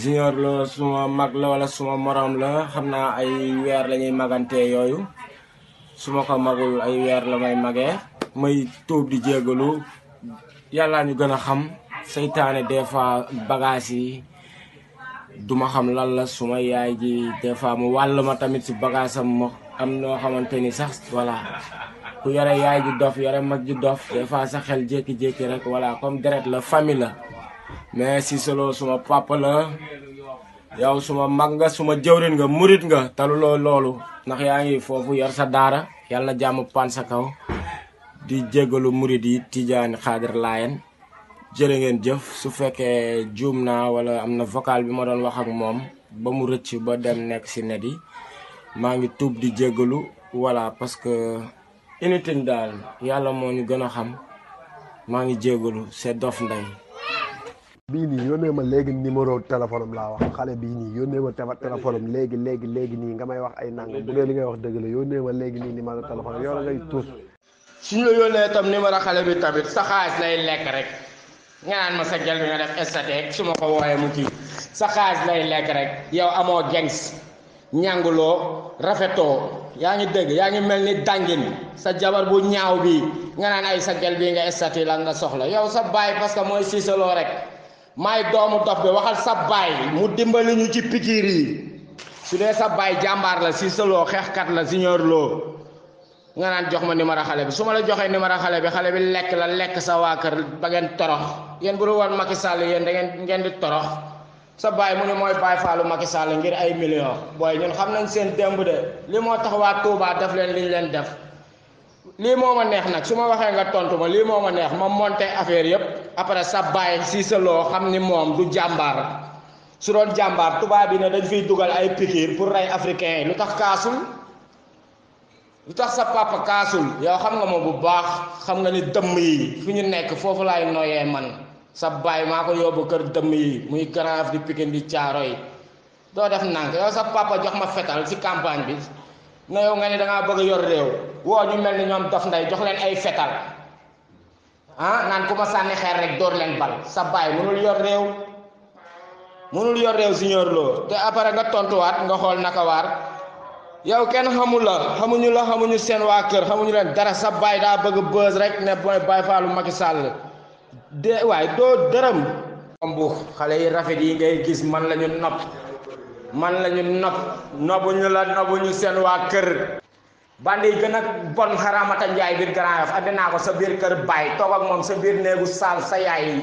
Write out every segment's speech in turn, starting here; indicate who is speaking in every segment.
Speaker 1: junior la suma mag la walla suma morom la xam naa ay weer la magante yooyu suma ko magul ay weer la may magee may tuub di jégalu yàllaa ñu gën a xam seytaane des fois bagages yi duma xam lan la suma yaay ji des fois mu wàll ma tamit si bagage am ma am noo xamante ni sax voilà ku yore yaay ji dof yore mag ji dof des sax xel jékki-jékki rek voilà comme deret la famille la mais Cissé Lo suma papa la suma mag nga suma jëwrin nga murit nga taluloo loolu ndax yaa ngi foofu yor sa daara yàlla na jàmm di jégalu murit yi Tidiane Xaadir Laayeen ngeen jëf su fekkee juum naa wala am na vocal bi ma doon wax ak moom ba mu rëcc ba dem nekk si net yi maa ngi tuub di jégalu voilà parce que unité daal yàlla moo ñu gën a xam maa ngi jégalu c'est Dof Ndeye bii nii yónnee ma léegi numéro téléphone am laa wax xale bii nii yónnee ma téléphone léegi léegi léegi nii nga may wax ay nangam bu dee li ngay wax dëgg la yónnee ma léegi nii numéro téléphone am yow la ngay tuus. suñu la yónnee xale bi tamit sa xaalis lay lekk rek nga naan ma sa gel bi nga def statut e su ma ko wooyee mu kii sa xaalis lay lekk rek yow amoo gengs ñànguloo rafetoo yaa ngi dégg yaa ngi mel ni dàngin sa jabar bu ñaaw bi nga naan ay sa gel bi nga statut e la nga soxla yow sa baay parce que rek. maay doomu dof bi waxal sa baay mu dimbali ñu ci pikiir yi su dee sa baay jàmbaar la si saloo xeexkat la siñor loo nga naan jox ma numéro xale bi su ma la joxee numéro xale bi xale bi lekk la lekk sa waa kër ba ngeen torox yéen bu dul woon Macky Sall yéen da ngeen ngeen di torox sa baay mu ne mooy baay faalu Macky Sall ngir ay million booy ñun xam nañ seen démb de li moo tax waa Touba def leen liñ leen def lii moo ma neex nag su ma waxee nga tontu ma lii moo ma neex ma monté affaire yëpp après sa baay siisaloo xam ni moom du jàmbaar su doon jàmbaar tubaab yi ne dañ fiy dugal ay pikiir pour rey africain yi lu tax kaasul lu tax sa papa kaasul yow xam nga moom bu baax xam nga ni dëmm yi fi ñu nekk foofu laay noyee man sa baay maa ko yóbbu kër dëmm yi muy Grand di Pikine di caaro yi doo def nànk yow sa papa jox ma fetal ci campagne bi ne yow nga ne dangaa bëgg yor réew woo ñu mel ni ñoom daf nday jox leen ay fetal ah naan ku ma sànni xeer rek door leen bal sa baay mënul yor réew mënul yor réew Signor Lo te après nga tontuwaat nga xool naka waar yow kenn xamul la xamuñu la xamuñu seen waa kër xamuñu leen dara sa baay daa bëgg bës rek ne mooy Baay Faalu lu Sall de waaye doo dërëm ombu xale yi rafet yi ngay gis man lañu nopp man lañu nopp nobbuñu la nobbuñu seen waa kër bandi yi gën a bon xaramata njaay biir Grand Yoff naa ko sa biir kër baay toog ak moom sa biir néegu saal sa yaay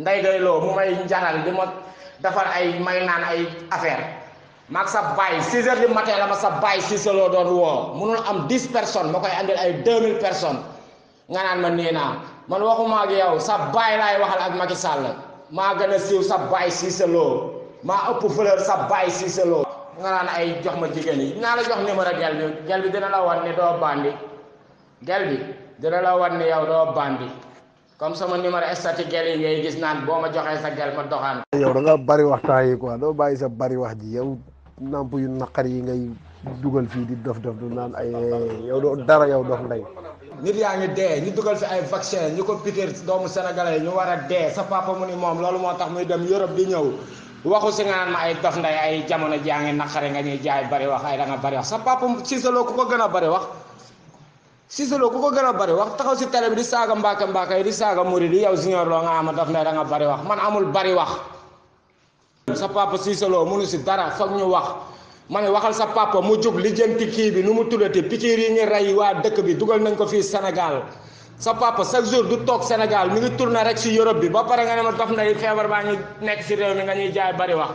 Speaker 1: nday day loo mu may njaral di ma defar ay may naan ay affaire maag sa baay 6 heures du matin la ma sa am 10 personnes ma koy andil ay 2000 personnes nga naan ma nee naa man waxuma ak yow sa baay laay waxal ak Macky Sall maa gën a siiw sa baay siisaloo maa ëpp fleur sa baay siisaloo nga naan ay jox ma jigéen yi la jox numéro gel bi gel bi dina wan ne doo bandi gel bi dina la wan ne yow doo bandi sama numéro statut yi ngay gis naan boo ma joxee sa gel ma doxaan yow da nga bari waxtaan yi quoi doo bàyyi sa bari wax ji yow namp yu naqar yi ngay dugal fii di dof dof du naan ay yow doo dara yow dof ndey nit yaa ngi dee ñu dugal fi ay vaccin ñu ko piquer doomu sénégalais yi ñu war a dee sa papa mu ni moom loolu moo tax muy dem Europe di ñëw waxu si nga ma ay dof nday ay jamono jaa ngi naqare nga ñuy jaay bari wax ay da bari wax sa papa sisaloo ku ko gën a bari wax sisaloo ku ko gën a bari wax taxaw si télé bi di saaga mbaake mbaake yi di saaga muri di yow junior loo nga ama dof nday da nga bari wax man amul bari wax sa papa sisaloo mënu si dara foog ñu wax ma ne waxal sa papa mu li lijjanti kii bi nu mu tuddati pikiir yi ñu rey waa dëkk bi dugal nañ ko fii Sénégal sa papa chaque jour du toog Sénégal mi ngi tourné rek si Europe bi ba pare nga ne ma dof nday feebar baa ngi nekk si réew mi nga ñuy jaay bari wax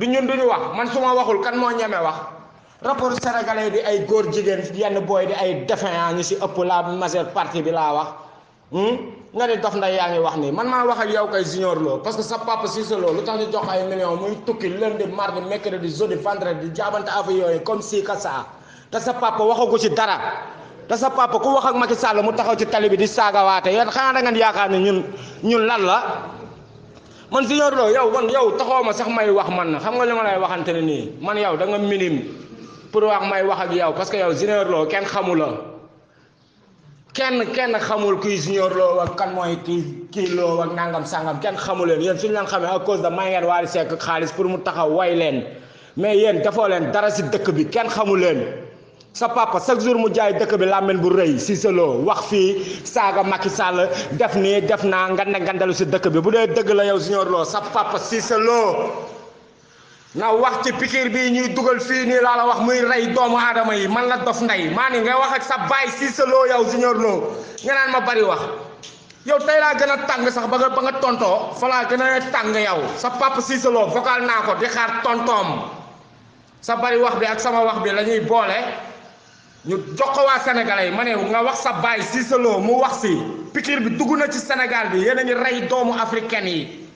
Speaker 1: du ñun duñu wax man su ma waxul kan moo ñeme wax rapport sénégalais di ay góor jigéen yenn booy di ay défin ngi si ëpp la majeure partie bi laa wax hmm? nga ne dof nday yaa ngi wax nii man maa wax ak yow kay junior loo parce que sa papa si sa loo lu tax ñu jox ay millions muy tukki lundi mardi mercredi jeudi vendredi jaabante si dara te sa papa ku wax ak ma Macky Sall mu taxaw ci tali bi di saagawaate yow xanaa da yaakaar ni ñun ñun lan la man si ñor loo yow man yow taxaw ma sax may wax man na xam nga li ma lay waxante ne nii man yow da nga minime pour wax may wax ak yow parce que yow junior loo kenn xamu la kenn kenn xamul kuy junior loo ak kan mooy kii kii loo ak sangam kenn xamu leen yéen fi ñu leen xamee à cause de may ngeen waari sekk xaalis pour mu taxaw way leen mais yéen dafoo leen dara si dëkk bi kenn xamu leen. sa papa chaque jour mu jaay dëkk bi làmmiñ bu rëy si wax fii saaga makki Sall def nii def naa nganda ngandalu si dëkk bi bu dee dëgg la yow Signor Lo sa papa si selo na wax ci pikiir bi ñuy dugal fii nii laa la wax muy rey doomu aadama yi man la dof ndey maa ni nga wax ak sa baay si selo yow Signor Lo nga naan ma bari wax yow tey laa gën a tàng sax ba nga ba nga tontoo fa laa gën a tàng yow sa papa si selo vocal naa ko di xaar tontoom sa bari ak sama wax bi la boole ñu jox ko waa sénégalais yi ma ne nga wax sa baay si Lo mu wax si piqûre bi dugg na ci Sénégal bi yéen a ngi rey doomu africaine yi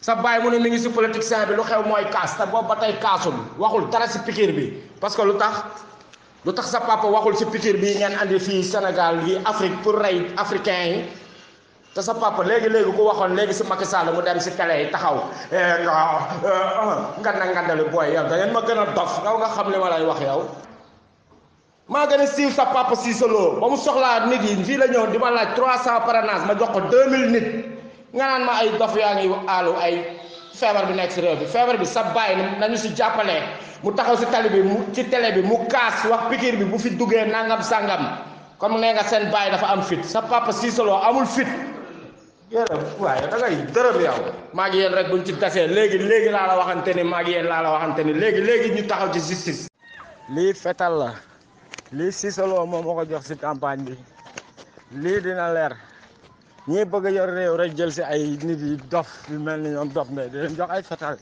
Speaker 1: sa baay mu ne mi ngi si politicien bi lu xew mooy kaas te boobu ba tey kaasul waxul dara si piqûre bi parce que lu tax lu tax sa papa waxul si piqûre bi ngeen andi fii Sénégal yi Afrique pour rey africain yi te sa papa léegi léegi ku waxoon léegi si Macky Sall mu dem si tele yi taxaw eh, nga eh, nga ngandali booy yow da ngeen ma gën a dof yow nga xam li ma wax yow. maa gën a siiw sa papa siisaloo ba mu soxlaa nit yi fii la ñëw di ma laaj trois cent parrainage ma jox ko deux mille nit nga naan ma ay dof yaa ngi aalu ay feebar bi nekk si réew bi feebar bi sa bàyyi nañu si jàppale mu taxaw si tali bi mu ci télé bi mu kaas wax pikiir bi bu fi duggee nangam sangam comme nee nga seen bàyyi dafa am fit sa papa siisaloo amul fit yéen waaye da ngay dërëm yow maa ngi yéen rek ñu ci tasee léegi léegi laa la waxante ni maa ngi yéen laa la léegi léegi ñu taxaw ci justice lii fetal la lii Cissé Lo moom moo ko jox si campagne bi lii dina leer ñii bëgg yor réew rek jël si ay nit yi dof yu mel ni ñoom dof mais di jox ay fetal